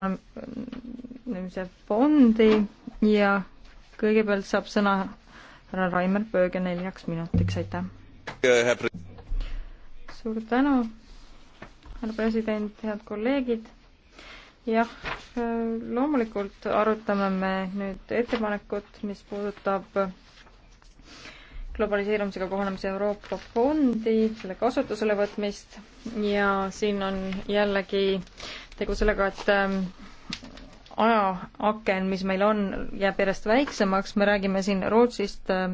Nõmse fondi ja kõigepealt saab sõna härra Raimar Pööge neljaks minutiks, aitäh. suur tänu, härra president, head kolleegid. jah, loomulikult arutame me nüüd ettepanekut, mis puudutab globaliseerumisega kohanemise Euroopa fondi, selle kasutusele võtmist ja siin on jällegi tegu sellega, et ähm, ajaaken, mis meil on, jääb järjest väiksemaks, me räägime siin Rootsist ähm,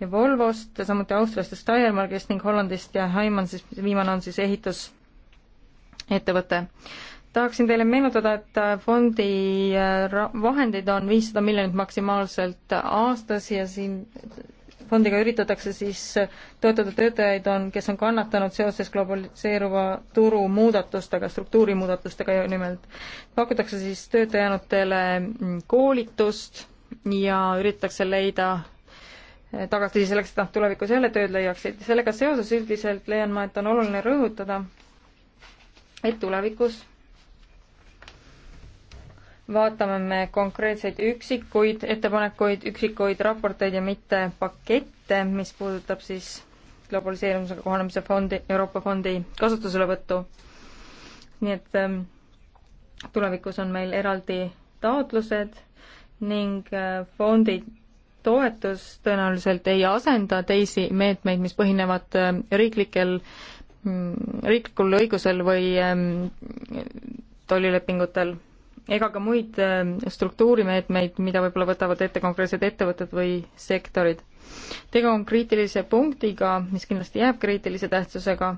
ja Volvost, samuti Austriast ja Steiermarkist ning Hollandist ja Haimann siis, viimane on siis ehitusettevõte. tahaksin teile meenutada, et äh, fondi äh, vahendeid on viissada miljonit maksimaalselt aastas ja siin fondiga üritatakse siis toetada töötajaid, on, kes on kannatanud seoses globaliseeruva turu muudatustega, struktuurimuudatustega nimelt. pakutakse siis töötajanutele koolitust ja üritatakse leida tagasiside selleks, et nad tulevikus jälle tööd leiaksid. sellega seoses üldiselt leian ma, et on oluline rõhutada, et tulevikus vaatame me konkreetseid üksikuid ettepanekuid, üksikuid raporteid ja mitte pakette, mis puudutab siis globaliseerumisega kohanemise fondi, Euroopa fondi kasutuselevõttu. nii et ähm, tulevikus on meil eraldi taotlused ning äh, fondi toetus tõenäoliselt ei asenda teisi meetmeid, mis põhinevad äh, riiklikel, mm, riiklikul õigusel või äh, tollilepingutel ega ka muid äh, struktuurimeetmeid, mida võib-olla võtavad ette konkreetsed ettevõtted või sektorid. tegu on kriitilise punktiga, mis kindlasti jääb kriitilise tähtsusega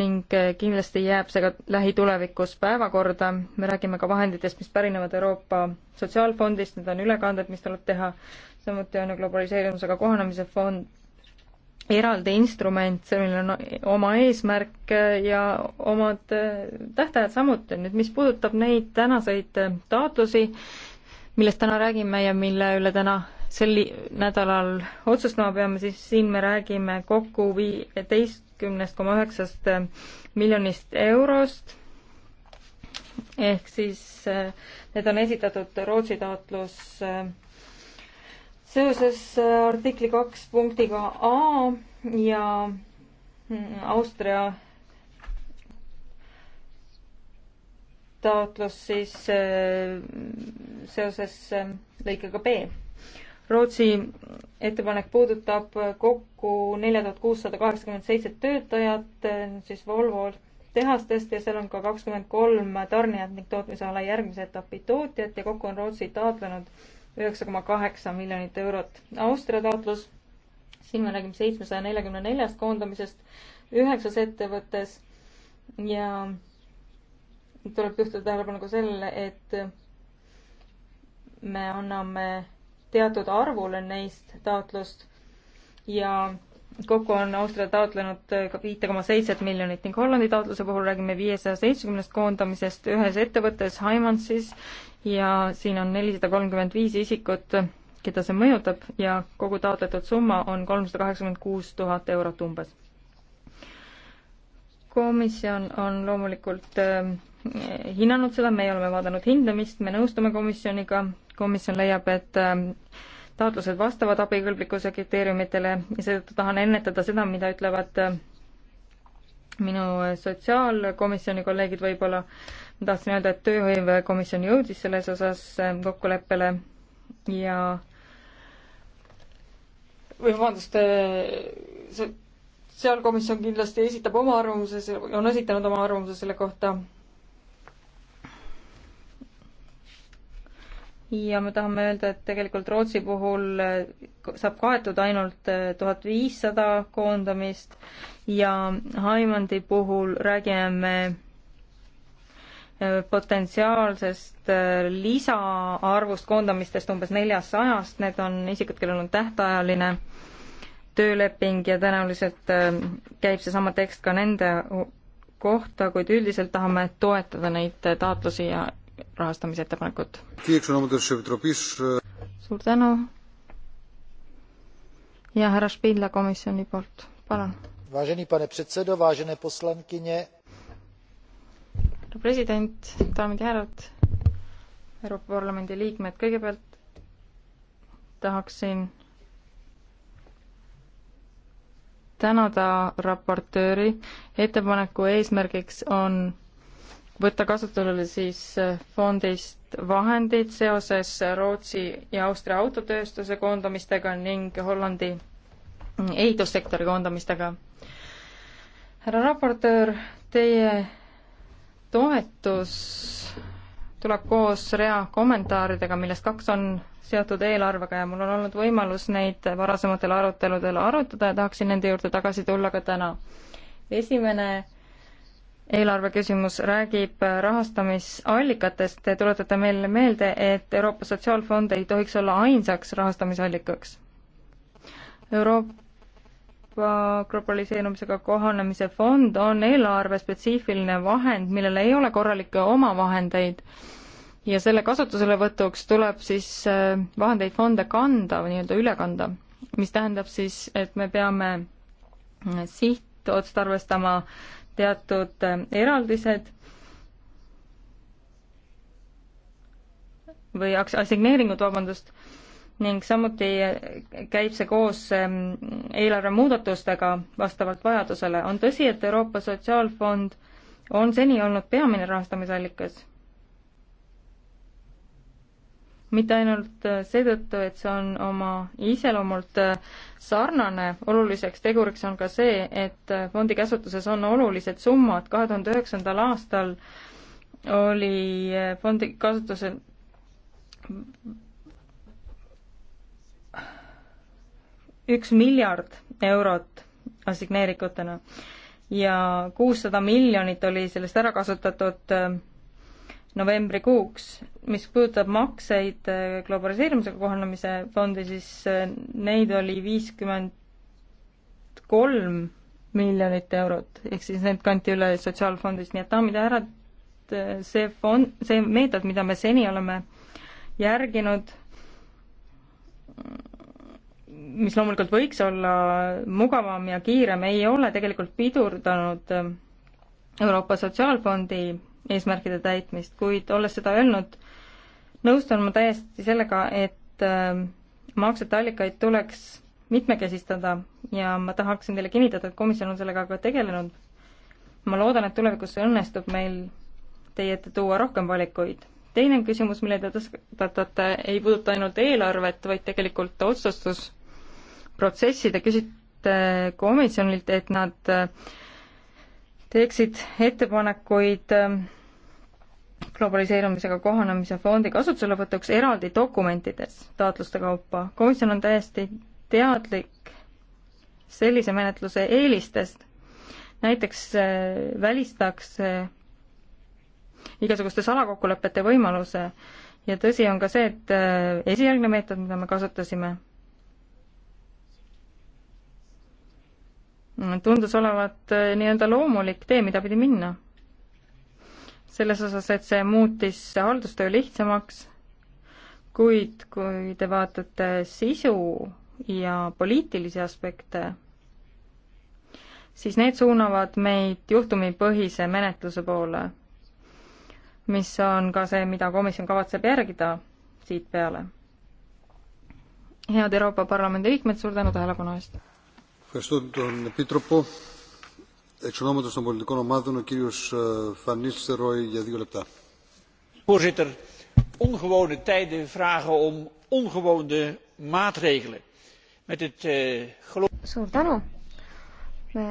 ning äh, kindlasti jääb see ka lähitulevikus päevakorda. me räägime ka vahenditest, mis pärinevad Euroopa Sotsiaalfondist, need on ülekanded, mis tuleb teha, samuti on globaliseerimisega kohanemise fond eraldi instrument, sellel on oma eesmärk ja omad tähtajad samuti. nüüd mis puudutab neid tänaseid taotlusi, millest täna räägime ja mille üle täna sel nädalal otsustama peame, siis siin me räägime kokku viieteistkümnest koma üheksast miljonist eurost. ehk siis eh, need on esitatud Rootsi taotlus eh, seoses äh, artikli kaks punktiga A ja mm, Austria taotlus siis äh, seoses äh, lõikega B. Rootsi ettepanek puudutab kokku nelja tuhat kuussada kaheksakümmend seitse töötajat siis Volvo tehastest ja seal on ka kakskümmend kolm tarnijat ning tootmisala järgmise etapi tootjat ja kokku on Rootsi taotlenud üheksa koma kaheksa miljonit eurot. Austria taotlus, siin me räägime seitsmesaja neljakümne neljast koondamisest üheksas ettevõttes ja tuleb juhtida tähelepanu ka sellele, et me anname teatud arvule neist taotlust ja kokku on Austria taotlenud ka viite koma seitset miljonit ning Hollandi taotluse puhul räägime viiesaja seitsmekümnest koondamisest ühes ettevõttes Hymansis ja siin on nelisada kolmkümmend viis isikut, keda see mõjutab ja kogu taotletud summa on kolmsada kaheksakümmend kuus tuhat eurot umbes. komisjon on loomulikult äh, hinnanud seda, meie oleme vaadanud hindamist, me nõustume komisjoniga, komisjon leiab, et äh, taotlused vastavad abikõlblikkuse kriteeriumitele ja seetõttu tahan ennetada seda, mida ütlevad äh, minu sotsiaalkomisjoni kolleegid võib-olla, ma tahtsin öelda, et tööhõivekomisjon jõudis selles osas äh, kokkuleppele ja või vabandust, äh, see sotsiaalkomisjon kindlasti esitab oma arvamuse, on esitanud oma arvamuse selle kohta. ja me tahame öelda, et tegelikult Rootsi puhul äh, saab kaetud ainult tuhat viissada koondamist ja Haimandi puhul räägime Äh, potentsiaalsest äh, lisaarvust koondamistest umbes neljasajast, need on isikud, kellel on tähtajaline tööleping ja tõenäoliselt äh, käib seesama tekst ka nende kohta, kuid üldiselt tahame toetada neid taotlusi ja rahastamisettepanekut. suur tänu ja härra Špidla komisjoni poolt, palun. Vážený pane předsedo, vážené poslankyně, härra president, daamid ja härrad, Euroopa Parlamendi liikmed, kõigepealt tahaksin tänada raportööri, ettepaneku eesmärgiks on võtta kasutusele siis fondist vahendid seoses Rootsi ja Austria autotööstuse koondamistega ning Hollandi ehitussektori koondamistega. härra raportöör, teie toetus tuleb koos rea kommentaaridega, millest kaks on seotud eelarvega ja mul on olnud võimalus neid varasematel aruteludel arutada ja tahaksin nende juurde tagasi tulla ka täna. esimene eelarve küsimus räägib rahastamisallikatest. Te tuletate meile meelde, et Euroopa Sotsiaalfond ei tohiks olla ainsaks rahastamisallikaks. Euroopa Euroopa globaliseerumisega kohanemise fond on eelarvespetsiifiline vahend, millel ei ole korralikke omavahendeid ja selle kasutuselevõtuks tuleb siis äh, vahendeid fonde kanda või nii-öelda üle kanda, mis tähendab siis, et me peame äh, sihtotstarvestama teatud äh, eraldised või assigneeringud, vabandust ning samuti käib see koos ähm, eelarve muudatustega vastavalt vajadusele. on tõsi, et Euroopa Sotsiaalfond on seni olnud peamine rahastamisallikas. mitte ainult äh, seetõttu, et see on oma iseloomult äh, sarnane, oluliseks teguriks on ka see, et äh, fondi käsutuses on olulised summad. kahe tuhande üheksandal aastal oli fondi kasutusel üks miljard eurot assigneerikutena ja kuussada miljonit oli sellest ära kasutatud äh, novembrikuuks. mis puudutab makseid äh, globaliseerumisega kohanemise fondi, siis äh, neid oli viiskümmend kolm miljonit eurot, ehk siis need kanti üle Sotsiaalfondist, nii et daamid ja härrad, see fond, see meetod, mida me seni oleme järginud, mis loomulikult võiks olla mugavam ja kiirem, ei ole tegelikult pidurdanud äh, Euroopa Sotsiaalfondi eesmärkide täitmist, kuid olles seda öelnud, nõustun ma täiesti sellega, et äh, maksete allikaid tuleks mitmekesistada ja ma tahaksin teile kinnitada, et komisjon on sellega ka tegelenud. ma loodan, et tulevikus õnnestub meil teie ette tuua rohkem valikuid. teine küsimus, mille te tõstatate, ei puuduta ainult eelarvet, vaid tegelikult otsustus protsessi, te küsite komisjonilt, et nad äh, teeksid ettepanekuid äh, globaliseerumisega kohanemise fondi kasutuselevõtuks eraldi dokumentides taotluste kaupa. komisjon on täiesti teadlik sellise menetluse eelistest, näiteks äh, välistaks igasuguste salakokkulepete võimaluse ja tõsi on ka see, et esialgne meetod, mida me kasutasime, tundus olevat äh, nii-öelda loomulik tee, mida pidi minna. selles osas, et see muutis haldustöö lihtsamaks, kuid kui te vaatate sisu ja poliitilisi aspekte, siis need suunavad meid juhtumipõhise menetluse poole, mis on ka see, mida komisjon kavatseb järgida siit peale. head Euroopa Parlamendi liikmed, suur tänu tähelepanu eest! Ευχαριστώ τον Επίτροπο. Εξ ονόματος των πολιτικών ομάδων, ο κύριος Φανίς Ρόι για δύο λεπτά. Voorzitter, ongewone tijden vragen om ongewone maatregelen. Met het uh, eh, geloof... Suur tänu. Me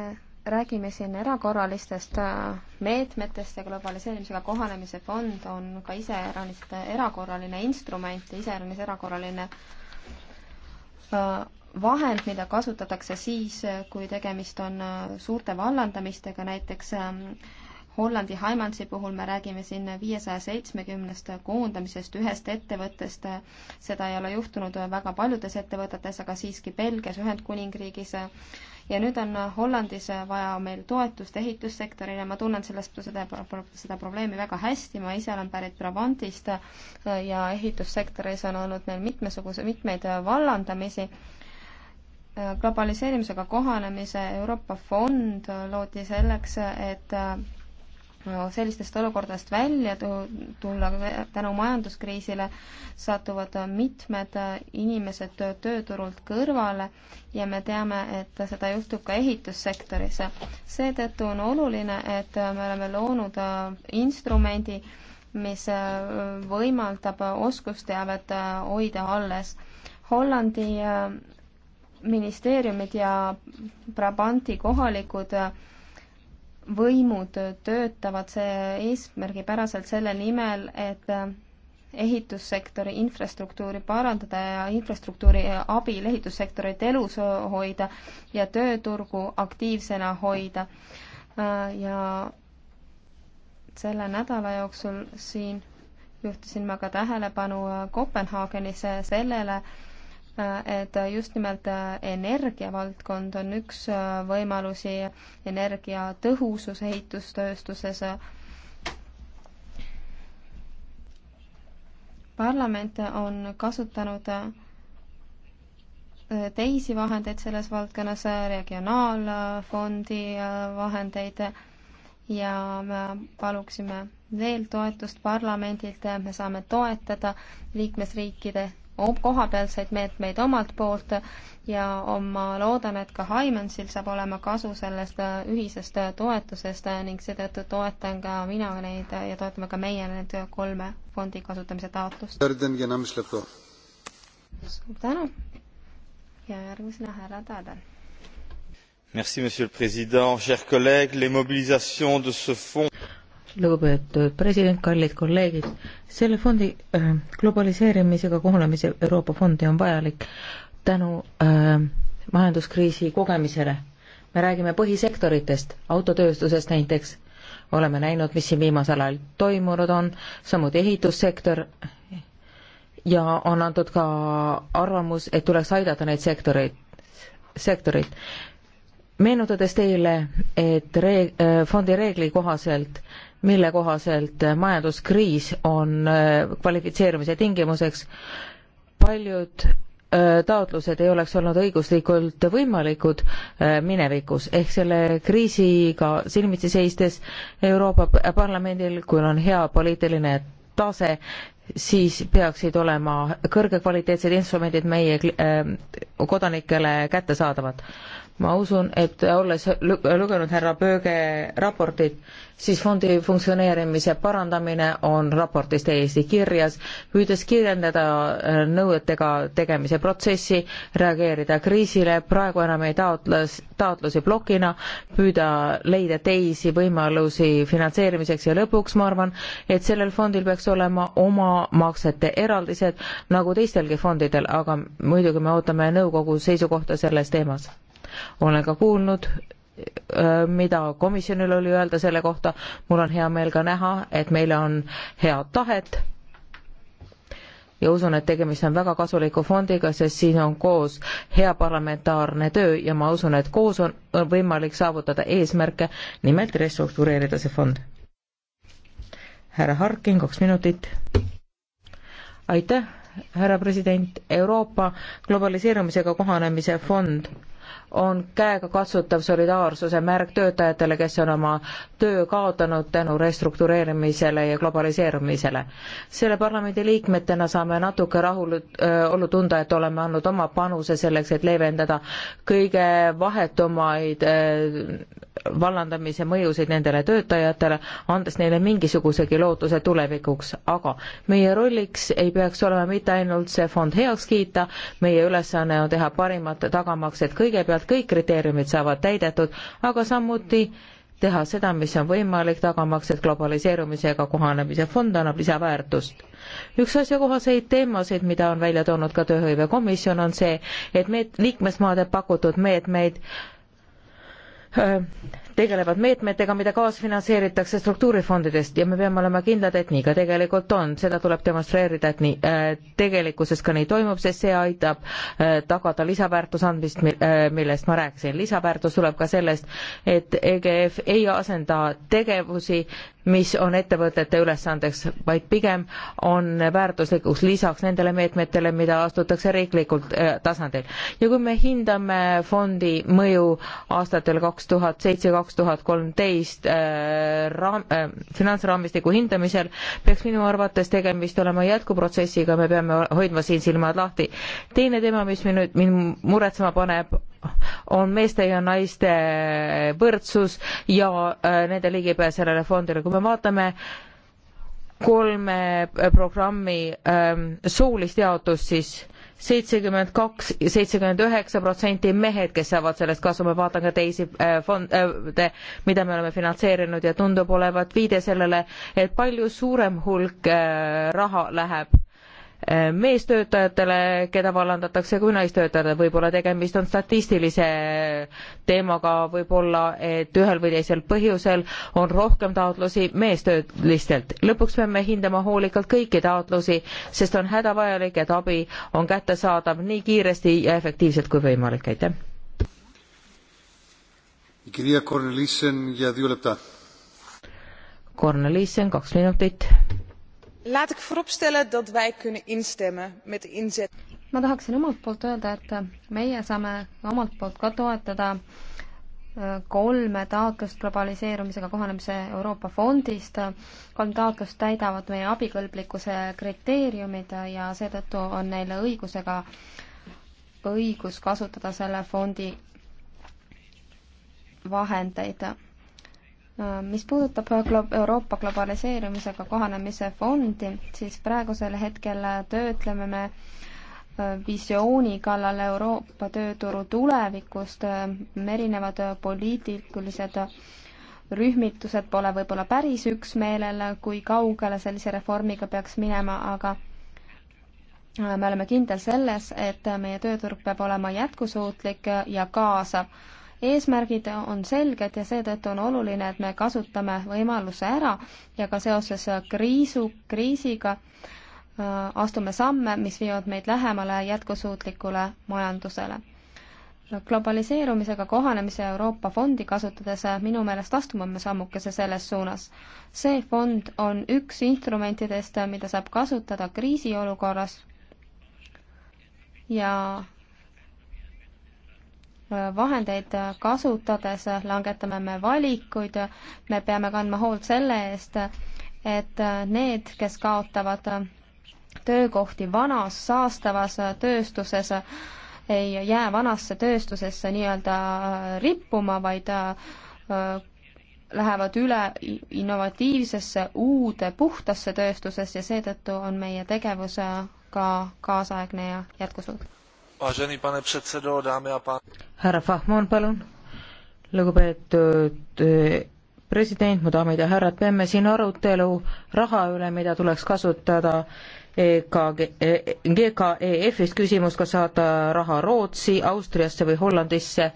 räägime siin erakorralistest eh, meetmetest ja globaliseerimisega kohanemise fond on ka iseäranis erakorraline instrument ja iseäranis erakorraline eh, vahend, mida kasutatakse siis, kui tegemist on äh, suurte vallandamistega, näiteks ähm, Hollandi Haimansi puhul me räägime siin viiesaja seitsmekümnest koondamisest ühest ettevõttest, seda ei ole juhtunud väga paljudes ettevõtetes, aga siiski Belgias, Ühendkuningriigis, ja nüüd on Hollandis vaja meil toetust ehitussektorile, ma tunnen sellest, seda, seda probleemi väga hästi, ma ise olen pärit Brabantist ja ehitussektoris on olnud meil mitmesuguse, mitmeid vallandamisi Äh, globaliseerimisega kohanemise Euroopa fond loodi selleks, et äh, sellistest olukordadest välja tulla, tänu majanduskriisile satuvad mitmed äh, inimesed tööturult kõrvale ja me teame, et seda juhtub ka ehitussektoris. seetõttu on oluline, et me oleme loonud instrumendi, mis võimaldab oskusteavet hoida alles. Hollandi ministeeriumid ja Brabanti kohalikud võimud töötavad see eesmärgipäraselt selle nimel, et ehitussektori infrastruktuuri parandada ja infrastruktuuri abil ehitussektorit elus hoida ja tööturgu aktiivsena hoida. ja selle nädala jooksul siin juhtisin ma ka tähelepanu Kopenhaagenis sellele, et just nimelt energiavaldkond on üks võimalusi energiatõhusus ehitustööstuses. parlament on kasutanud teisi vahendeid selles valdkonnas, regionaalfondi vahendeid ja me paluksime veel toetust parlamendilt, me saame toetada liikmesriikide kohapealseid meetmeid omalt poolt ja ma loodan, et ka Haimansil saab olema kasu sellest äh, ühisest äh, toetusest äh, ning seetõttu toetan ka mina neid ja toetame ka meie need kolme fondi kasutamise taotlust. suur tänu ja järgmisena härra Taden monsieur le président chers collègues les mobilisations de ce fonds lugupeetud president, kallid kolleegid, selle fondi äh, globaliseerimisega kohanemise Euroopa fondi on vajalik tänu äh, majanduskriisi kogemisele. me räägime põhisektoritest, autotööstusest näiteks, oleme näinud, mis siin viimasel ajal toimunud on, samuti ehitussektor ja on antud ka arvamus, et tuleks aidata neid sektoreid, sektoreid meenutades teile, et ree-, äh, fondi reegli kohaselt mille kohaselt majanduskriis on äh, kvalifitseerumise tingimuseks. paljud äh, taotlused ei oleks olnud õiguslikult võimalikud äh, minevikus, ehk selle kriisiga silmitsi seistes Euroopa Parlamendil, kui on hea poliitiline tase, siis peaksid olema kõrgekvaliteetsed instrumendid meie kodanikele kättesaadavad ma usun, et olles lugenud härra Pööge raportit, siis fondi funktsioneerimise parandamine on raportis täiesti kirjas, püüdes kirjeldada äh, nõuetega tegemise protsessi, reageerida kriisile, praegu enam ei taotles, taotlusi plokina, püüda leida teisi võimalusi finantseerimiseks ja lõpuks ma arvan, et sellel fondil peaks olema oma maksete eraldised nagu teistelgi fondidel, aga muidugi me ootame nõukogu seisukohta selles teemas olen ka kuulnud äh, mida komisjonil oli öelda selle kohta. mul on hea meel ka näha, et meil on head tahet ja usun, et tegemist on väga kasuliku fondiga, sest siin on koos hea parlamentaarne töö ja ma usun, et koos on võimalik saavutada eesmärke, nimelt restruktureerida see fond. härra Harkin, kaks minutit. aitäh, härra president, Euroopa globaliseerumisega kohanemise fond on käegakatsutav solidaarsuse märk töötajatele, kes on oma töö kaotanud tänu restruktureerimisele ja globaliseerumisele. selle parlamendi liikmetena saame natuke rahulolu tunda, et oleme andnud oma panuse selleks, et leevendada kõige vahetumaid vallandamise mõjusid nendele töötajatele, andes neile mingisugusegi lootuse tulevikuks, aga meie rolliks ei peaks olema mitte ainult see fond heaks kiita, meie ülesanne on teha parimat tagamaks, et kõigepealt et kõik kriteeriumid saavad täidetud, aga samuti teha seda, mis on võimalik, tagamaks, et globaliseerumisega kohanemise fond annab lisaväärtust. üks asjakohaseid teemasid, mida on välja toonud ka tööhõivekomisjon, on see, et meet-, liikmesmaade pakutud meetmeid öö, äh, tegelevad meetmetega, mida kaasfinantseeritakse struktuurifondidest ja me peame olema kindlad, et nii ka tegelikult on, seda tuleb demonstreerida, et nii äh, tegelikkuses ka nii toimub, sest see aitab äh, tagada lisaväärtuse andmist, äh, millest ma rääkisin. lisaväärtus tuleb ka sellest, et EGF ei asenda tegevusi, mis on ettevõtete ülesandeks, vaid pigem on väärtuslikuks lisaks nendele meetmetele, mida astutakse riiklikult tasandil. ja kui me hindame fondi mõju aastatel kaks tuhat seitse, kaks tuhat kolmteist äh, raam- äh,, finantsraamistiku hindamisel peaks minu arvates tegemist olema jätkuprotsessiga, me peame hoidma siin silmad lahti. teine teema, mis mind, mind muretsema paneb, on meeste ja naiste võrdsus ja äh, nende ligipääs sellele fondile, kui me vaatame kolme programmi äh, soolist jaotust, siis seitsekümmend kaks, seitsekümmend üheksa protsenti mehed, kes saavad sellest kasu, ma vaatan ka teisi äh, fonde, äh, mida me oleme finantseerinud ja tundub olevat viide sellele, et palju suurem hulk äh, raha läheb meestöötajatele, keda vallandatakse, kui naistöötajatele. võib-olla tegemist on statistilise teemaga, võib-olla et ühel või teisel põhjusel on rohkem taotlusi meestöölistelt. lõpuks peame hindama hoolikalt kõiki taotlusi, sest on hädavajalik, et abi on kättesaadav nii kiiresti ja efektiivselt kui võimalik. aitäh! Kornelissen, kaks minutit. Laat ik vooropstellen dat wij kunnen instemmen met de inzet. ma tahaksin omalt poolt öelda, et meie saame omalt poolt ka toetada äh, kolme taotlust globaliseerumisega kohanemise Euroopa fondist. kolm taotlust täidavad meie abikõlblikkuse kriteeriumid ja seetõttu on neil õigusega õigus kasutada selle fondi vahendeid Äh, mis puudutab äh, Euroopa globaliseerimisega kohanemise fondi, siis praegusel hetkel äh, töötleme me visiooni kallal Euroopa tööturu tulevikust, erinevad poliitilised rühmitused pole võib-olla päris üksmeelel, kui kaugele sellise reformiga peaks minema, aga me oleme kindel selles, et meie tööturg peab olema jätkusuutlik ja kaasav eesmärgid on selged ja seetõttu on oluline, et me kasutame võimaluse ära ja ka seoses kriisu, kriisiga äh, astume samme, mis viivad meid lähemale jätkusuutlikule majandusele. globaliseerumisega kohanemise Euroopa fondi kasutades äh, minu meelest astume me sammukese selles suunas. see fond on üks instrumentidest, äh, mida saab kasutada kriisiolukorras ja vahendeid kasutades langetame me valikuid, me peame kandma hoolt selle eest, et need, kes kaotavad töökohti vanas saastavas tööstuses, ei jää vanasse tööstusesse nii-öelda äh, rippuma, vaid äh, lähevad üle innovatiivsesse, uude, puhtasse tööstusesse ja seetõttu on meie tegevus äh, ka kaasaegne ja jätkusuutlik vážený pane predsedo, dámy a pán... härra Fahmon, palun. lugupeetud eh, president, mu daamid ja härrad, peame siin arutelu raha üle, mida tuleks kasutada EKG, GKEF-ist eh, küsimus, kas saada raha Rootsi, Austriasse või Hollandisse,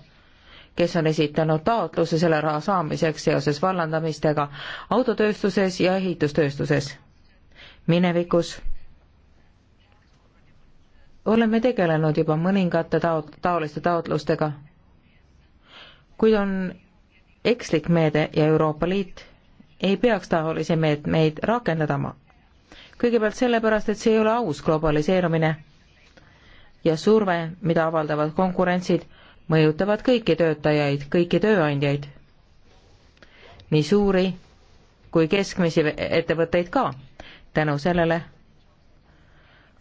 kes on esitanud taotluse selle raha saamiseks seoses vallandamistega autotööstuses ja ehitustööstuses. minevikus oleme tegelenud juba mõningate taot-, taoliste taotlustega, kuid on ekslik meede ja Euroopa Liit ei peaks taolisi meetmeid rakendama. kõigepealt sellepärast, et see ei ole aus globaliseerumine ja surve, mida avaldavad konkurentsid, mõjutavad kõiki töötajaid, kõiki tööandjaid, nii suuri kui keskmisi ettevõtteid ka. tänu sellele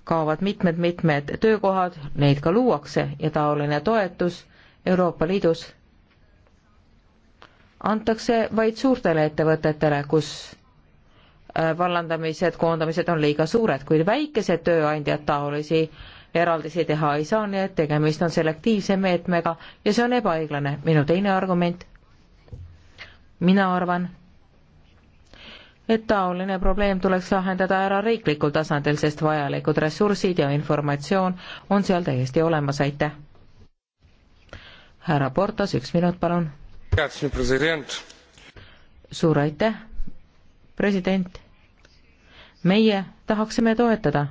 kaovad mitmed-mitmed töökohad, neid ka luuakse ja taoline toetus Euroopa Liidus antakse vaid suurtele ettevõtetele, kus äh, vallandamised, koondamised on liiga suured, kuid väikesed tööandjad taolisi eraldisi teha ei saa, nii et tegemist on selektiivse meetmega ja see on ebaõiglane. minu teine argument, mina arvan, et taoline probleem tuleks lahendada ära riiklikul tasandil, sest vajalikud ressursid ja informatsioon on seal täiesti olemas, aitäh. härra Portas, üks minut, palun. suur aitäh, president. meie tahaksime toetada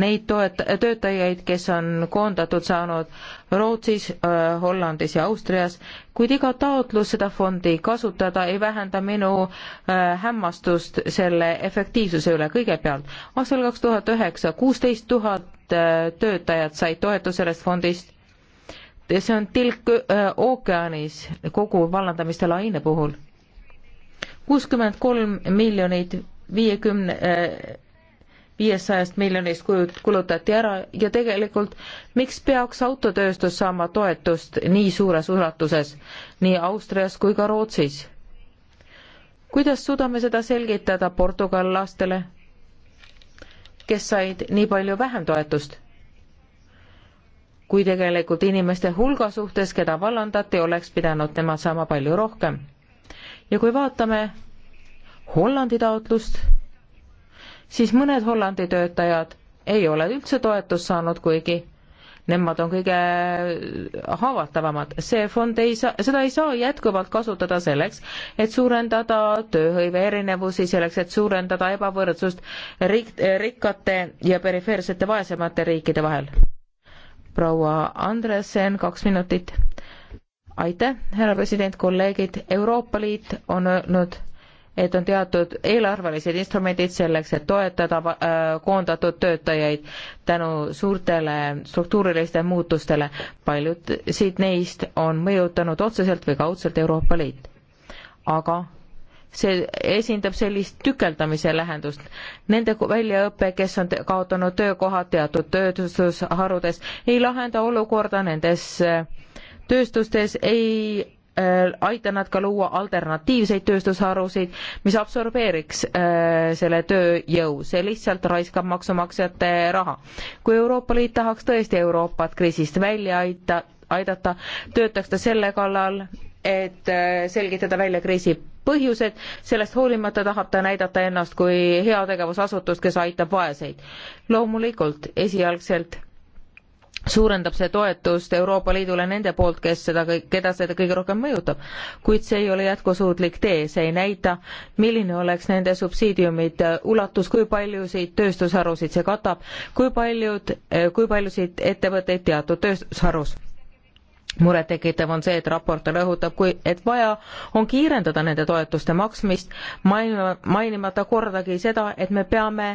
neid toet-, töötajaid, kes on koondatud saanud Rootsis, äh, Hollandis ja Austrias, kuid iga taotlus seda fondi kasutada ei vähenda minu äh, hämmastust selle efektiivsuse üle. kõigepealt aastal kaks tuhat üheksa kuusteist tuhat äh, töötajat said toetust sellest fondist ja see on tilk ookeanis kogu vallandamiste laine puhul. kuuskümmend kolm miljonit viiekümne viiesajast miljonist kulutati ära ja tegelikult miks peaks autotööstus saama toetust nii suures ulatuses nii Austrias kui ka Rootsis? kuidas suudame seda selgitada Portugal lastele, kes said nii palju vähem toetust? kui tegelikult inimeste hulga suhtes, keda vallandati, oleks pidanud nemad saama palju rohkem. ja kui vaatame Hollandi taotlust siis mõned Hollandi töötajad ei ole üldse toetust saanud, kuigi nemad on kõige haavatavamad. see fond ei saa, seda ei saa jätkuvalt kasutada selleks, et suurendada tööhõive erinevusi, selleks, et suurendada ebavõrdsust rik-, rikkate ja perifeersete vaesemate riikide vahel. proua Andresen, kaks minutit. aitäh, härra president, kolleegid, Euroopa Liit on öelnud et on teatud eelarvelised instrumendid selleks, et toetada äh, koondatud töötajaid tänu suurtele struktuurilistele muutustele. paljud siit neist on mõjutanud otseselt või kaudselt Euroopa Liit. aga see esindab sellist tükeldamise lähendust. Nende väljaõpe, kes on kaotanud töökohad teatud tööstusharudes, ei lahenda olukorda nendes äh, tööstustes, ei Äh, aita nad ka luua alternatiivseid tööstusharusid, mis absorbeeriks äh, selle tööjõu, see lihtsalt raiskab maksumaksjate raha. kui Euroopa Liit tahaks tõesti Euroopat kriisist välja aita, aidata, töötaks ta selle kallal, et äh, selgitada välja kriisi põhjused, sellest hoolimata tahab ta näidata ennast kui heategevusasutust, kes aitab vaeseid. loomulikult esialgselt suurendab see toetust Euroopa Liidule nende poolt, kes seda, keda seda kõige rohkem mõjutab. kuid see ei ole jätkusuutlik tee, see ei näita, milline oleks nende subsiidiumide äh, ulatus, kui paljusid tööstusharusid see katab, kui paljud, äh, kui paljusid ettevõtteid teatud tööstusharus murettekitav on see, et raport rõhutab, kui, et vaja on kiirendada nende toetuste maksmist, mainimata kordagi seda, et me peame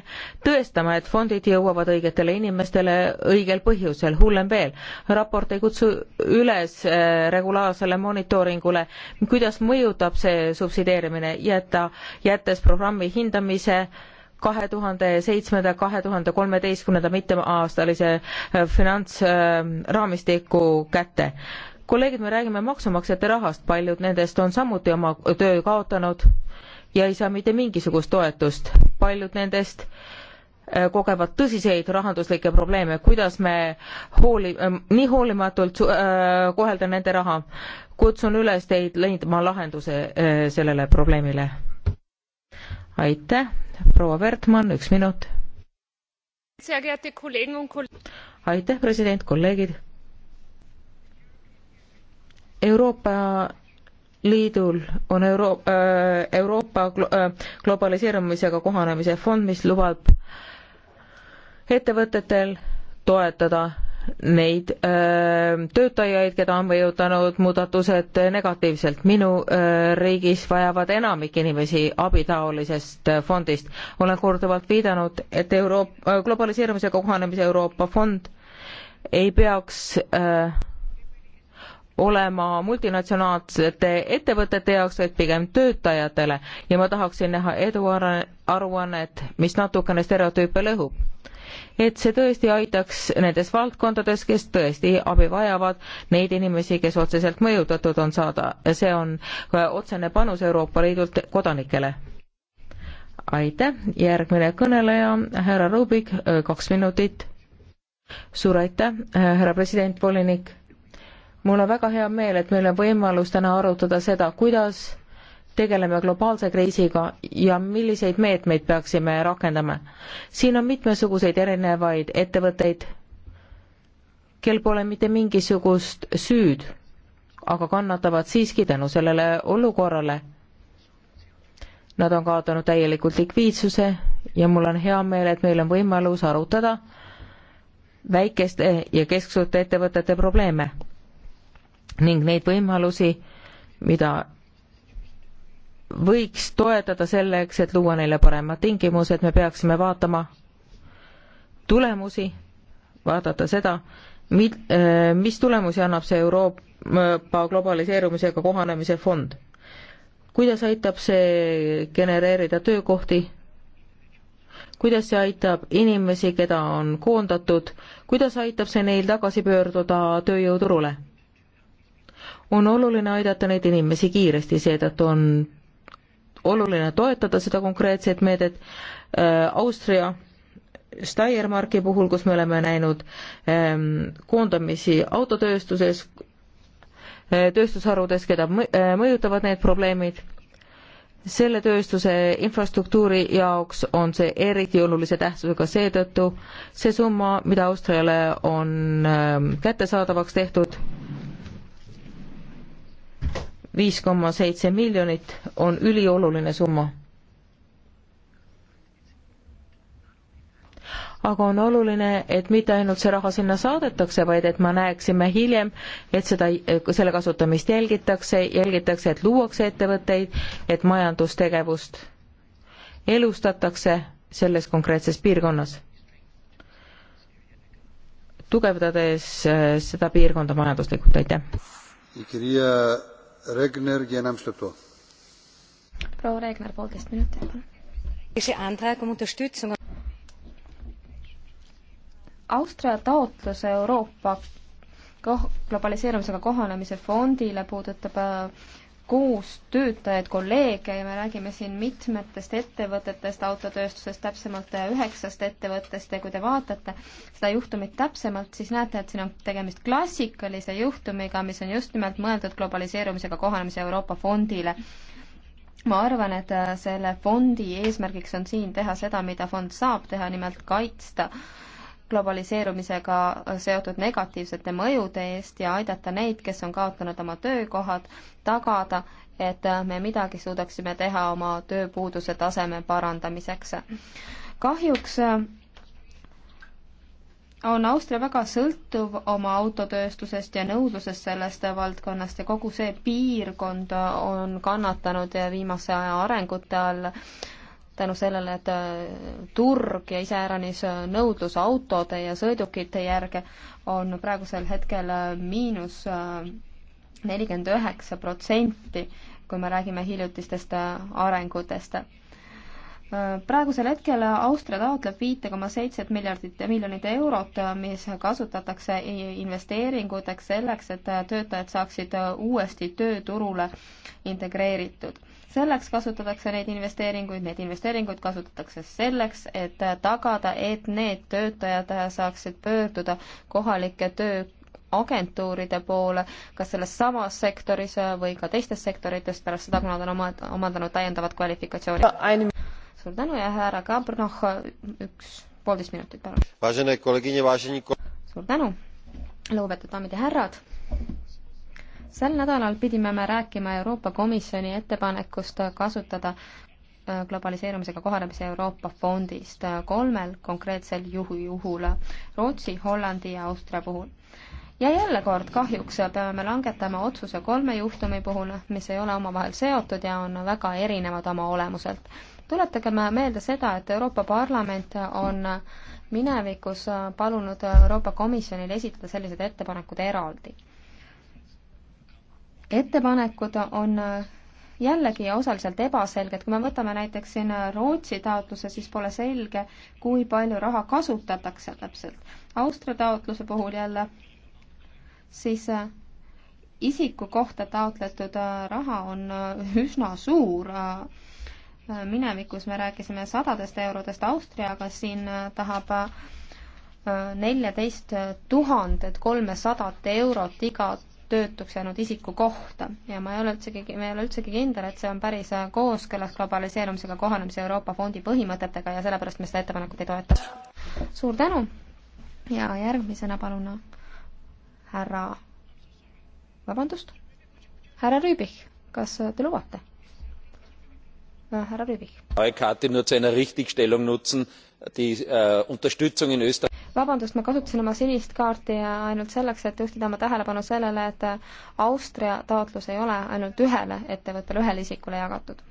tõestama, et fondid jõuavad õigetele inimestele õigel põhjusel, hullem veel. raport ei kutsu üles äh, regulaarsele monitooringule, kuidas mõjutab see subsideerimine, jätta, jättes programmi hindamise äh, kahe tuhande seitsmenda, kahe tuhande kolmeteistkümnenda mitteaastalise äh, finantsraamistiku kätte. kolleegid, me räägime maksumaksjate rahast, paljud nendest on samuti oma töö kaotanud ja ei saa mitte mingisugust toetust. paljud nendest äh, kogevad tõsiseid rahanduslikke probleeme, kuidas me hooli- äh,, nii hoolimatult äh, kohelda nende raha. kutsun üles teid leidma lahenduse äh, sellele probleemile. aitäh proua Wertmann, üks minut. aitäh, president, kolleegid. Euroopa Liidul on Euro-, äh, Euroopa äh, globaliseerumisega kohanemise fond, mis lubab ettevõtetel toetada neid öö, töötajaid, keda on mõjutanud muudatused negatiivselt. minu öö, riigis vajavad enamik inimesi abi taolisest fondist. olen korduvalt viidanud, et Euroop-, globaliseerumise kohanemise Euroopa fond ei peaks öö, olema multinatsionaalsete ettevõtete jaoks, vaid pigem töötajatele ja ma tahaksin näha edu aruannet, mis natukene stereotüüpe lõhub et see tõesti aitaks nendes valdkondades, kes tõesti abi vajavad, neid inimesi, kes otseselt mõjutatud on saada. see on äh, otsene panus Euroopa Liidult kodanikele. aitäh, järgmine kõneleja, härra Rubik, äh, kaks minutit. suur aitäh, äh, härra president, volinik. mul on väga hea meel, et meil on võimalus täna arutada seda, kuidas tegeleme globaalse kriisiga ja milliseid meetmeid peaksime rakendama. siin on mitmesuguseid erinevaid ettevõtteid, kel pole mitte mingisugust süüd, aga kannatavad siiski tänu sellele olukorrale. Nad on kaotanud täielikult likviidsuse ja mul on hea meel, et meil on võimalus arutada väikeste ja kesksuurte ettevõtete probleeme ning neid võimalusi, mida võiks toetada selleks, et luua neile paremad tingimused, me peaksime vaatama tulemusi, vaadata seda, mid-, äh, mis tulemusi annab see Euroopa globaliseerumisega kohanemise fond. kuidas aitab see genereerida töökohti, kuidas see aitab inimesi, keda on koondatud, kuidas aitab see neil tagasi pöörduda tööjõuturule? on oluline aidata neid inimesi kiiresti, seetõttu on oluline toetada seda konkreetset meedet. Äh, Austria Steiermarki puhul, kus me oleme näinud ähm, koondamisi autotööstuses, äh, tööstusharudes, keda äh, mõjutavad need probleemid, selle tööstuse infrastruktuuri jaoks on see eriti olulise tähtsusega seetõttu, see summa, mida Austriale on ähm, kättesaadavaks tehtud, viis koma seitse miljonit on ülioluline summa. aga on oluline, et mitte ainult see raha sinna saadetakse, vaid et me näeksime hiljem, et seda, selle kasutamist jälgitakse, jälgitakse, et luuakse ettevõtteid, et majandustegevust elustatakse selles konkreetses piirkonnas, tugevdades äh, seda piirkonda majanduslikult, aitäh! Regner, proua Regner, poolteist minutit, palun. Austria taotlus Euroopa globaliseerumisega kohanemise fondile puudutab äh, kuus töötajaid, kolleege ja me räägime siin mitmetest ettevõtetest autotööstusest, täpsemalt üheksast ettevõttest ja kui te vaatate seda juhtumit täpsemalt, siis näete, et siin on tegemist klassikalise juhtumiga, mis on just nimelt mõeldud globaliseerumisega kohanemise Euroopa fondile ma arvan, et selle fondi eesmärgiks on siin teha seda, mida fond saab teha, nimelt kaitsta äh, globaliseerumisega seotud negatiivsete mõjude eest ja aidata neid, kes on kaotanud oma töökohad, tagada, et me midagi suudaksime teha oma tööpuuduse taseme parandamiseks. kahjuks on Austria väga sõltuv oma autotööstusest ja nõudlusest sellest valdkonnast ja kogu see piirkond on kannatanud viimase aja arengute all tänu sellele, et äh, turg ja iseäranis äh, nõudlus autode ja sõidukite järge on praegusel hetkel äh, miinus nelikümmend üheksa protsenti, kui me räägime hiljutistest arengutest. praegusel hetkel Austria taotleb viite koma seitset miljardit, miljonit eurot, mis kasutatakse investeeringuteks selleks, et töötajad saaksid uuesti tööturule integreeritud selleks kasutatakse neid investeeringuid, neid investeeringuid kasutatakse selleks, et tagada, et need töötajad saaksid pöörduda kohalike töö agentuuride poole, kas selles samas sektoris või ka teistes sektorites pärast seda, kui nad on oma, omandanud täiendavat kvalifikatsiooni. suur tänu ja härra Kabrnoh, üks poolteist minutit, palun. suur tänu, lugupeetud daamid ja härrad sel nädalal pidime me rääkima Euroopa Komisjoni ettepanekust kasutada äh, globaliseerumisega kohanemise Euroopa fondist äh, kolmel konkreetsel juhu, juhul Rootsi, Hollandi ja Austria puhul. ja jälle kord kahjuks peame me langetama otsuse kolme juhtumi puhul, mis ei ole omavahel seotud ja on väga erinevad oma olemuselt. tuletagem me meelde seda, et Euroopa Parlament on minevikus palunud Euroopa Komisjonil esitada sellised ettepanekud eraldi ettepanekud on jällegi osaliselt ebaselged, kui me võtame näiteks siin Rootsi taotluse, siis pole selge, kui palju raha kasutatakse täpselt. Austria taotluse puhul jälle siis äh, isiku kohta taotletud äh, raha on äh, üsna suur. minevikus me rääkisime sadadest eurodest Austriaga, siin tahab neljateist tuhandet kolmesadat eurot igat töötuks jäänud isiku kohta ja ma ei ole üldsegi, ma ei ole üldsegi kindel, et see on päris äh, kooskõlas globaliseerumisega kohanemise Euroopa Fondi põhimõtetega ja sellepärast me seda ettepanekut ei toeta. suur tänu ja järgmisena palun härra, vabandust, härra Rüübich, kas te lubate? Äh, härra Rüübich. Kati nur zu einer Richtigstellung nutzen. Die äh, Unterstützung in Österreich vabandust, ma kasutasin oma sinist kaarti ainult selleks, et juhtida oma tähelepanu sellele, et Austria taotlus ei ole ainult ühele ettevõttele, ühele isikule jagatud.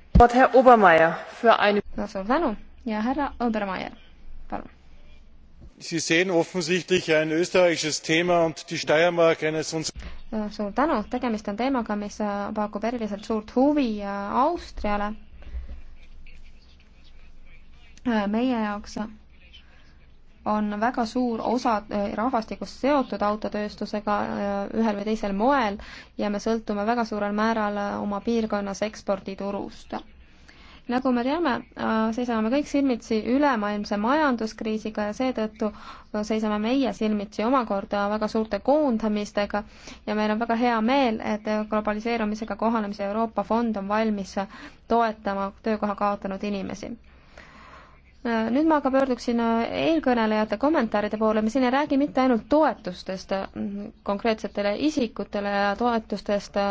no suur tänu ja härra Obermeier, palun. Sie sehen offensichtlich ein österreichisches Thema und die Steiermark eines unserer suur tänu, tegemist on teemaga, mis äh, pakub eriliselt suurt huvi äh, Austriale. Äh, meie jaoks on väga suur osa eh, rahvastikust seotud autotööstusega eh, ühel või teisel moel ja me sõltume väga suurel määral eh, oma piirkonnas eksporditurust. nagu me teame, seisame me kõik silmitsi ülemaailmse majanduskriisiga ja seetõttu seisame meie silmitsi omakorda väga suurte koondamistega ja meil on väga hea meel, et globaliseerumisega kohanemise Euroopa Fond on valmis toetama töökoha kaotanud inimesi Äh, nüüd ma aga pöörduksin äh, eelkõnelejate kommentaaride poole, me siin ei räägi mitte ainult toetustest äh, konkreetsetele isikutele ja toetustest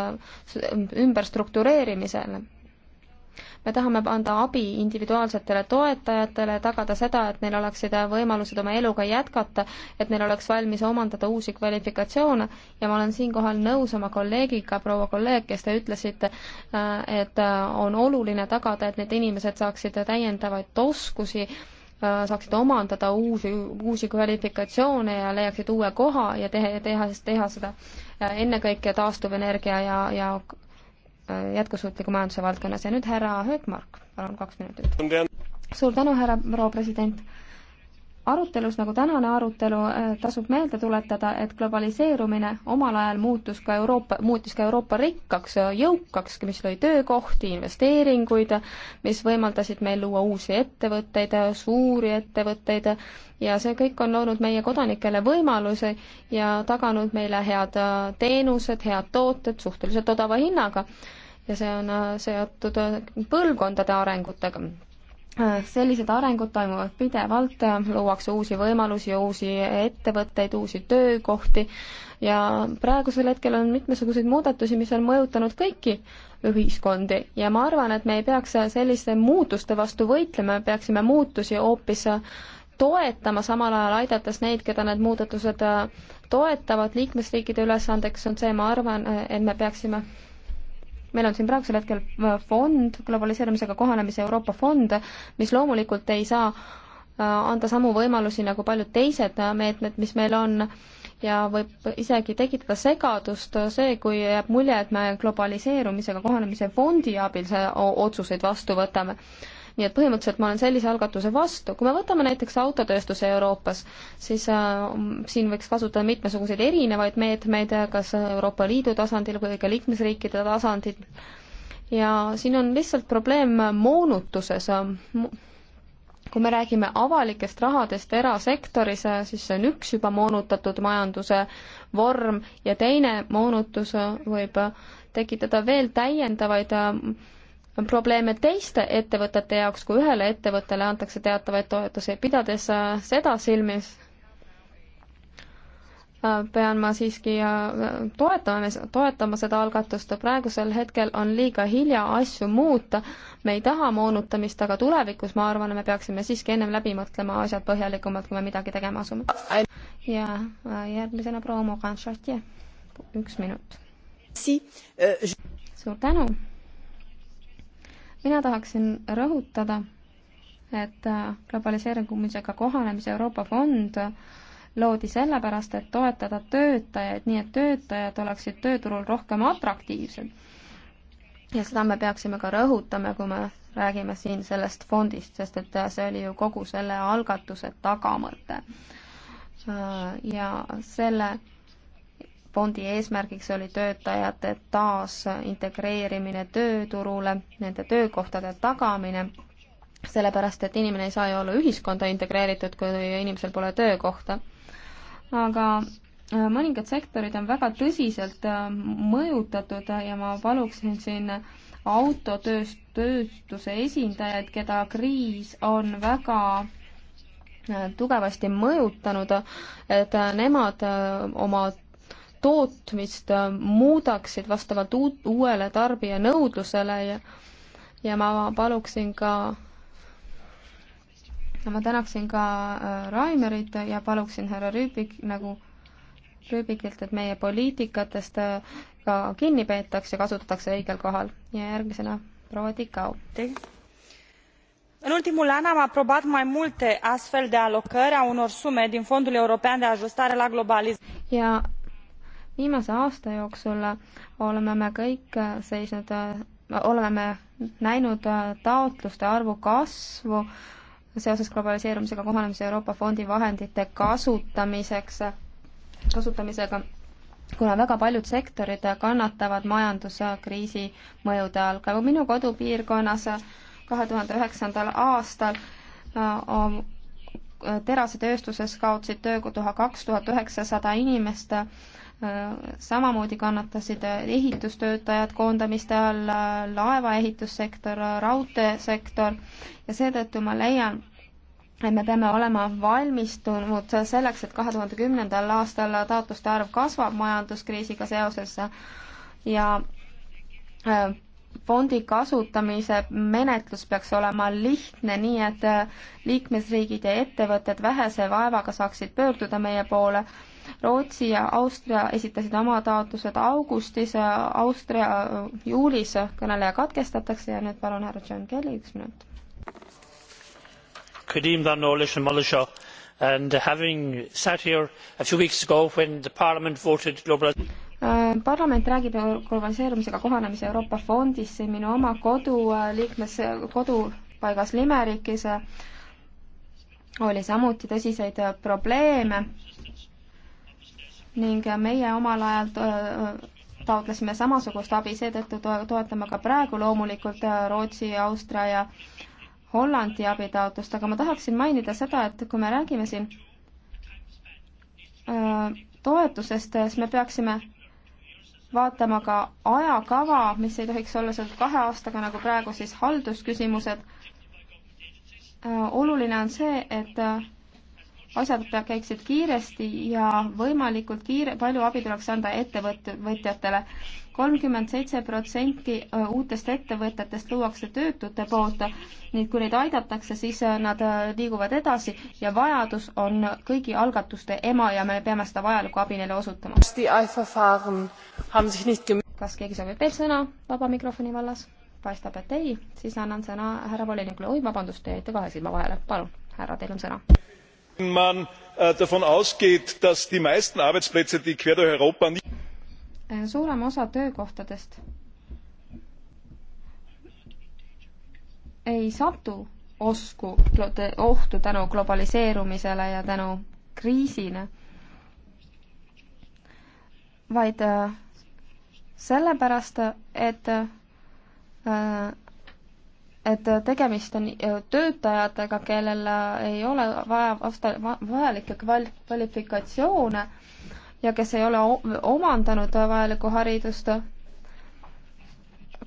ümberstruktureerimisele me tahame anda abi individuaalsetele toetajatele, tagada seda, et neil oleksid võimalused oma eluga jätkata, et neil oleks valmis omandada uusi kvalifikatsioone ja ma olen siinkohal nõus oma kolleegiga, proua kolleeg, kes te ütlesite, äh, et äh, on oluline tagada, et need inimesed saaksid täiendavaid oskusi äh, saaksid omandada uusi, uusi kvalifikatsioone ja leiaksid uue koha ja teha, teha, teha seda ennekõike taastuvenergia ja, ja jätkusuutliku majanduse valdkonnas ja nüüd härra Höökmark, palun kaks minutit. suur tänu, härra proua president. arutelus nagu tänane arutelu äh, tasub meelde tuletada, et globaliseerumine omal ajal muutus ka Euroopa, muutis ka Euroopa rikkaks, jõukaks, mis lõi töökohti, investeeringuid, mis võimaldasid meil luua uusi ettevõtteid, suuri ettevõtteid ja see kõik on loonud meie kodanikele võimalusi ja taganud meile head äh, teenused, head tooted suhteliselt odava hinnaga ja see on äh, seotud äh, põlvkondade arengutega. Äh, sellised arengud toimuvad pidevalt, luuakse uusi võimalusi, uusi ettevõtteid, uusi töökohti ja praegusel hetkel on mitmesuguseid muudatusi, mis on mõjutanud kõiki ühiskondi ja ma arvan, et me ei peaks selliste muutuste vastu võitlema, me peaksime muutusi hoopis toetama, samal ajal aidates neid, keda need muudatused toetavad, liikmesriikide ülesandeks on see, ma arvan, et me peaksime meil on siin praegusel hetkel äh, fond, globaliseerumisega kohanemise Euroopa fond, mis loomulikult ei saa äh, anda samu võimalusi nagu paljud teised äh, meetmed, mis meil on, ja võib isegi tekitada segadust see, kui jääb mulje, et me globaliseerumisega kohanemise fondi abil otsuseid vastu võtame nii et põhimõtteliselt ma olen sellise algatuse vastu. kui me võtame näiteks autotööstuse Euroopas, siis äh, siin võiks kasutada mitmesuguseid erinevaid meetmeid, kas Euroopa Liidu tasandil või ka liikmesriikide tasandil. ja siin on lihtsalt probleem moonutuses kui me räägime avalikest rahadest erasektoris, siis see on üks juba moonutatud majanduse vorm ja teine moonutus võib tekitada veel täiendavaid ähm, on probleeme teiste ettevõtete jaoks, kui ühele ettevõttele antakse teatavaid toetusi, pidades äh, seda silmis, äh, pean ma siiski äh, toetama, toetama seda algatust, praegusel hetkel on liiga hilja asju muuta, me ei taha moonutamist, aga tulevikus ma arvan, me peaksime siiski ennem läbi mõtlema asjad põhjalikumalt, kui me midagi tegema asume. ja järgmisena proua Mogan-Chartier, üks minut. suur tänu! mina tahaksin rõhutada, et globaliseerumisega kohanemise Euroopa fond loodi sellepärast, et toetada töötajaid, nii et töötajad oleksid tööturul rohkem atraktiivsed. ja seda me peaksime ka rõhutama, kui me räägime siin sellest fondist, sest et see oli ju kogu selle algatuse tagamõte. ja selle fondi eesmärgiks oli töötajate taasintegreerimine tööturule, nende töökohtade tagamine, sellepärast et inimene ei saa ju olla ühiskonda integreeritud, kui inimesel pole töökohta. aga äh, mõningad sektorid on väga tõsiselt äh, mõjutatud ja ma paluksin siin autotööstuse esindajaid, keda kriis on väga äh, tugevasti mõjutanud, et nemad oma tootmist äh, muudaksid vastavalt uut, uuele tarbija nõudlusele ja ja ma paluksin ka ja ma tänaksin ka äh, Raimerit ja paluksin härra Rüübik nagu Rüübikilt, et meie poliitikatest äh, ka kinni peetakse, kasutatakse õigel kohal ja järgmisena proua Tikau. În ultimul an am aprobat mai multe astfel de alocări a unor sume din Fondul European de Ajustare la Globalizare. ja viimase aasta jooksul oleme me kõik seisnud, oleme me näinud taotluste arvu kasvu seoses globaliseerumisega kohanemise Euroopa Fondi vahendite kasutamiseks, kasutamisega, kuna väga paljud sektorid kannatavad majanduskriisi mõjude all. ka minu kodupiirkonnas kahe tuhande üheksandal aastal äh, äh, terasetööstuses kaotsid töökoha kaks tuhat üheksasada inimest samamoodi kannatasid ehitustöötajad koondamiste all, laevaehitussektor, raudteesektor ja seetõttu ma leian, et me peame olema valmistunud selleks, et kahe tuhande kümnendal aastal taotluste arv kasvab majanduskriisiga seoses ja äh, fondi kasutamise menetlus peaks olema lihtne, nii et äh, liikmesriigid ja ettevõtted vähese vaevaga saaksid pöörduda meie poole Rootsi ja Austria esitasid oma taotlused augustis, Austria äh, juulis kõneleja katkestatakse ja nüüd palun härra John Kelly, üks minut. And having sat here a few weeks ago when the Parliament voted global äh, parlament räägib globaliseerumisega kohanemise Euroopa fondist, see minu oma kodu äh, liikmes, kodupaigas Limerickis oli samuti tõsiseid probleeme ning meie omal ajal äh, äh, taotlesime samasugust abi, seetõttu toetame ka praegu loomulikult äh, Rootsi, Austria ja Hollandi abitaotlust, aga ma tahaksin mainida seda, et kui me räägime siin toetusest, siis me peaksime vaatama ka ajakava, mis ei tohiks olla sealt kahe aastaga, nagu praegu siis haldusküsimused. oluline on see, et asjad käiksid kiiresti ja võimalikult kiire, palju abi tuleks anda ettevõtjatele. kolmkümmend seitse protsenti äh, uutest ettevõtetest luuakse töötute poolt ning kui neid aidatakse, siis äh, nad äh, liiguvad edasi ja vajadus on kõigi algatuste ema ja me peame seda vajalikku abi neile osutama. kas keegi soovib veel sõna vaba mikrofoni vallas? paistab, et ei, siis annan sõna härra volinikule. oi, vabandust, te jäite kahe silma vahele. palun, härra, teil on sõna wenn man äh, davon ausgeht dass die meisten arbeitsplätze die quer durch europa äh, suurem osa töökohtadest ei satu osku, ohtu tänu globaliseerumisele ja tänu kriisile, vaid äh, sellepärast, et et tegemist on äh, töötajatega, kellel äh, ei ole vaja vasta-, vajalikke kval-, kvalifikatsioone ja kes ei ole omandanud vajalikku haridust.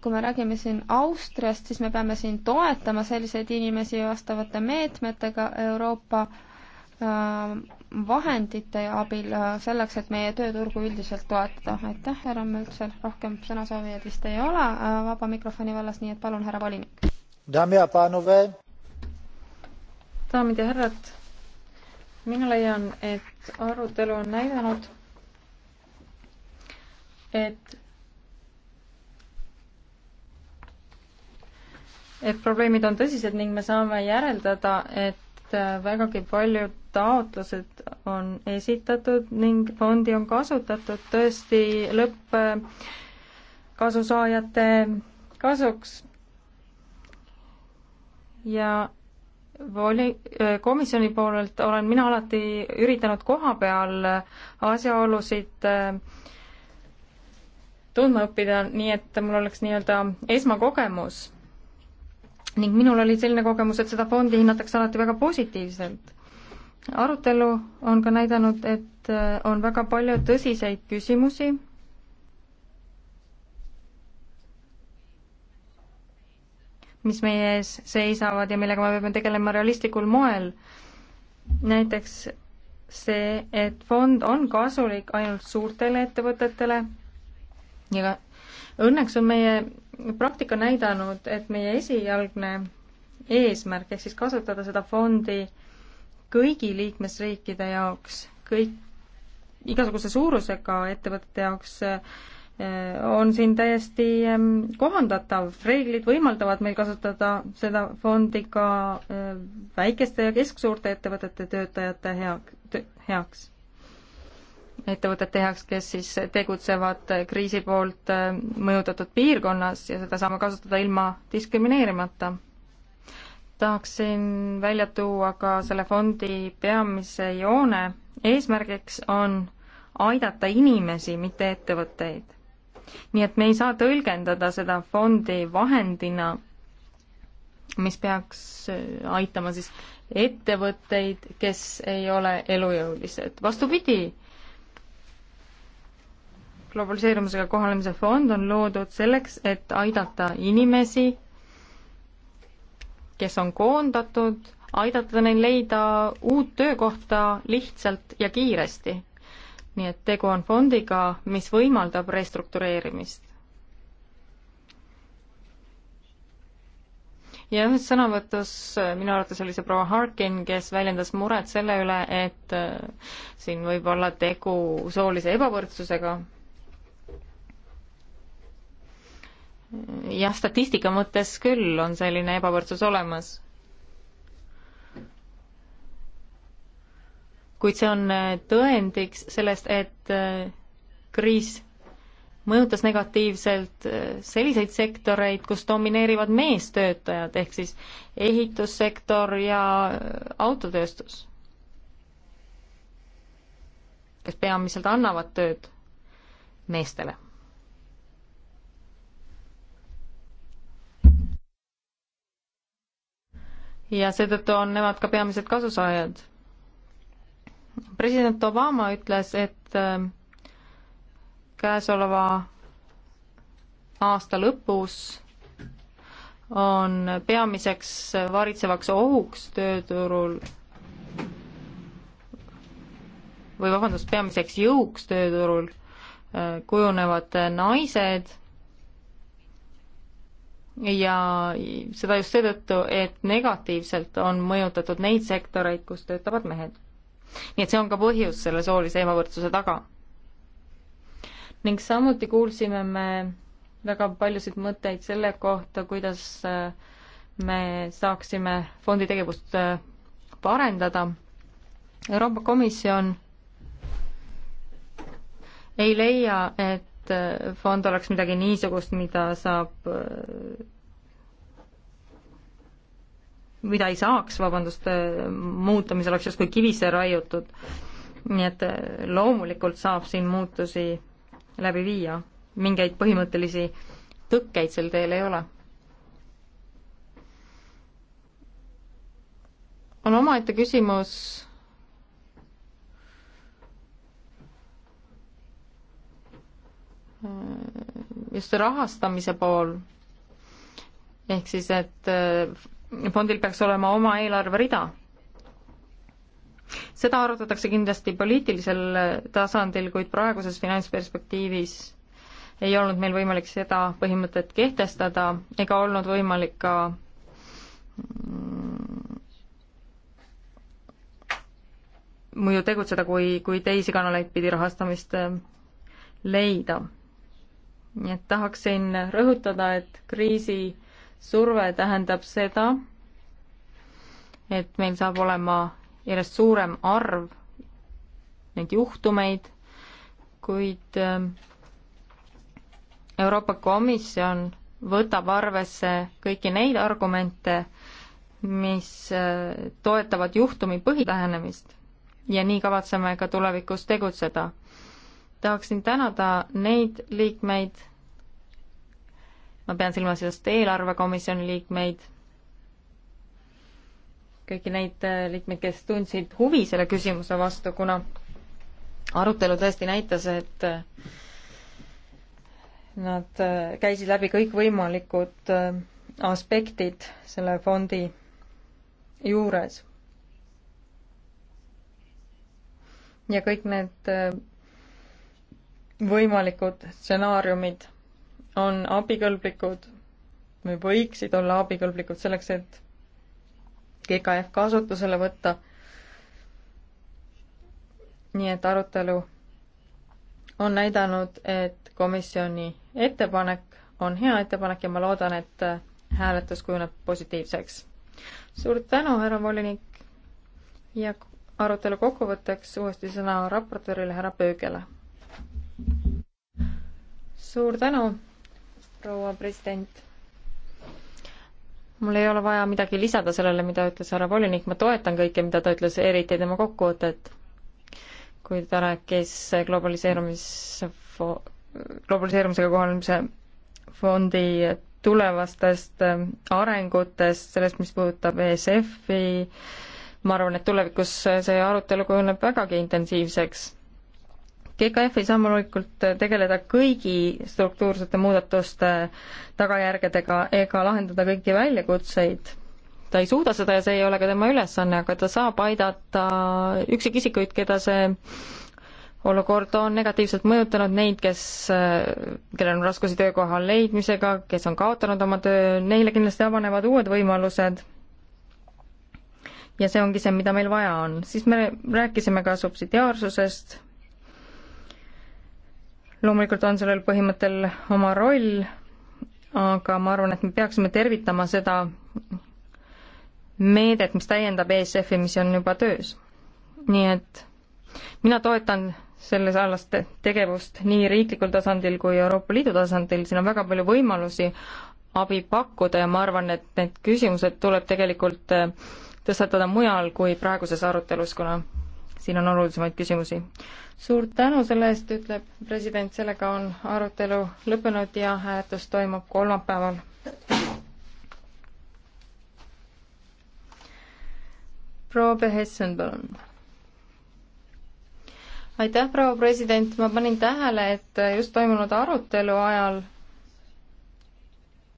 kui me räägime siin Austriast, siis me peame siin toetama selliseid inimesi vastavate meetmetega Euroopa äh, vahendite abil selleks, et meie tööturgu üldiselt toetada. aitäh, härra Möltsel, rohkem sõnasoovijaid vist ei ole vaba mikrofoni vallas, nii et palun, härra volinik Dámy a pánové. daamid ja härrad, mina leian, et arutelu on näidanud, et, et probleemid on tõsised ning me saame järeldada, et äh, vägagi paljud taotlused on esitatud ning fondi on kasutatud tõesti lõppkasusaajate kasuks ja voli-, komisjoni poolelt olen mina alati üritanud koha peal asjaolusid äh, tundma õppida, nii et mul oleks nii-öelda esmakogemus. ning minul oli selline kogemus, et seda fondi hinnatakse alati väga positiivselt. arutelu on ka näidanud, et äh, on väga palju tõsiseid küsimusi mis meie ees seisavad ja millega me peame tegelema realistlikul moel. näiteks see, et fond on kasulik ainult suurtele ettevõtetele ja õnneks on meie praktika näidanud, et meie esialgne eesmärk ehk siis kasutada seda fondi kõigi liikmesriikide jaoks, kõik, igasuguse suurusega ettevõtete jaoks äh, on siin täiesti ehm, kohandatav, reeglid võimaldavad meil kasutada seda fondi ka ehm, väikeste ja kesksuurte ettevõtete töötajate heak-, heaks. ettevõtete heaks, kes siis tegutsevad kriisi poolt ehm, mõjutatud piirkonnas ja seda saame kasutada ilma diskrimineerimata. tahaksin välja tuua ka selle fondi peamise joone, eesmärgiks on aidata inimesi, mitte ettevõtteid nii et me ei saa tõlgendada seda fondi vahendina, mis peaks äh, aitama siis ettevõtteid, kes ei ole elujõulised. vastupidi, globaliseerumisega kohalemise fond on loodud selleks, et aidata inimesi, kes on koondatud, aidata neil leida uut töökohta lihtsalt ja kiiresti nii et tegu on fondiga, mis võimaldab restruktureerimist. ja ühes sõnavõtus, äh, minu arvates oli see proua Harkin, kes väljendas muret selle üle, et äh, siin võib olla tegu soolise ebavõrdsusega. Äh, jah, statistika mõttes küll on selline ebavõrdsus olemas kuid see on äh, tõendiks sellest, et äh, kriis mõjutas negatiivselt äh, selliseid sektoreid, kus domineerivad meestöötajad, ehk siis ehitussektor ja autotööstus, kes peamiselt annavad tööd meestele. ja seetõttu on nemad ka peamised kasusaajad president Obama ütles, et ähm, käesoleva aasta lõpus on peamiseks varitsevaks ohuks tööturul või vabandust, peamiseks jõuks tööturul äh, kujunevad naised ja seda just seetõttu, et negatiivselt on mõjutatud neid sektoreid, kus töötavad mehed nii et see on ka põhjus selle soolise ebavõrdsuse taga. ning samuti kuulsime me väga paljusid mõtteid selle kohta, kuidas äh, me saaksime fondi tegevust äh, parendada. Euroopa Komisjon ei leia, et äh, fond oleks midagi niisugust, mida saab mida ei saaks, vabandust, äh, muuta, mis oleks justkui kivisse raiutud. nii et äh, loomulikult saab siin muutusi läbi viia, mingeid põhimõttelisi tõkkeid sel teel ei ole. on omaette küsimus, äh, just see rahastamise pool, ehk siis, et fondil peaks olema oma eelarverida. seda arutatakse kindlasti poliitilisel tasandil, kuid praeguses finantsperspektiivis ei olnud meil võimalik seda põhimõtet kehtestada ega olnud võimalik ka mm, muidu tegutseda, kui, kui teisi kanaleid pidi rahastamist äh, leida. nii et tahaksin rõhutada, et kriisi surve tähendab seda, et meil saab olema järjest suurem arv neid juhtumeid, kuid ähm, Euroopa Komisjon võtab arvesse kõiki neid argumente, mis äh, toetavad juhtumi põhilähenemist ja nii kavatseme ka tulevikus tegutseda. tahaksin tänada neid liikmeid, ma pean silmas just eelarvekomisjoni liikmeid, kõiki neid äh, liikmeid, kes tundsid huvi selle küsimuse vastu, kuna arutelu tõesti näitas, et äh, nad äh, käisid läbi kõikvõimalikud aspektid selle fondi juures. ja kõik need võimalikud stsenaariumid on abikõlblikud või võiksid olla abikõlblikud selleks, et GKF kasutusele võtta. nii et arutelu on näidanud, et komisjoni ettepanek on hea ettepanek ja ma loodan, et hääletus kujuneb positiivseks. suur tänu, härra volinik ja arutelu kokkuvõtteks uuesti sõna raportöörile härra Pöögele. suur tänu proua president. mul ei ole vaja midagi lisada sellele, mida ütles härra volinik, ma toetan kõike, mida ta ütles, eriti tema kokkuvõtet, kui ta rääkis globaliseerumis, globaliseerumisega kohanemise fondi tulevastest äh, arengutest, sellest, mis puudutab ESF-i, ma arvan, et tulevikus see arutelu kujuneb vägagi intensiivseks GKF ei saa loomulikult tegeleda kõigi struktuursete muudatuste tagajärgedega ega lahendada kõiki väljakutseid. ta ei suuda seda ja see ei ole ka tema ülesanne, aga ta saab aidata üksikisikuid, keda see olukord on negatiivselt mõjutanud neid, kes, kellel on raskusi töökoha leidmisega, kes on kaotanud oma töö, neile kindlasti avanevad uued võimalused ja see ongi see, mida meil vaja on. siis me rääkisime ka subsidiaarsusest, loomulikult on sellel põhimõttel oma roll, aga ma arvan, et me peaksime tervitama seda meedet, mis täiendab ESF-i, mis on juba töös. nii et mina toetan selles alas tegevust nii riiklikul tasandil kui Euroopa Liidu tasandil, siin on väga palju võimalusi abi pakkuda ja ma arvan, et need küsimused tuleb tegelikult tõstatada mujal kui praeguses arutelus, kuna siin on olulisemaid küsimusi. suur tänu selle eest, ütleb president, sellega on arutelu lõppenud ja hääletus toimub kolmapäeval. proua Pehessen, palun. aitäh, proua president, ma panin tähele, et just toimunud arutelu ajal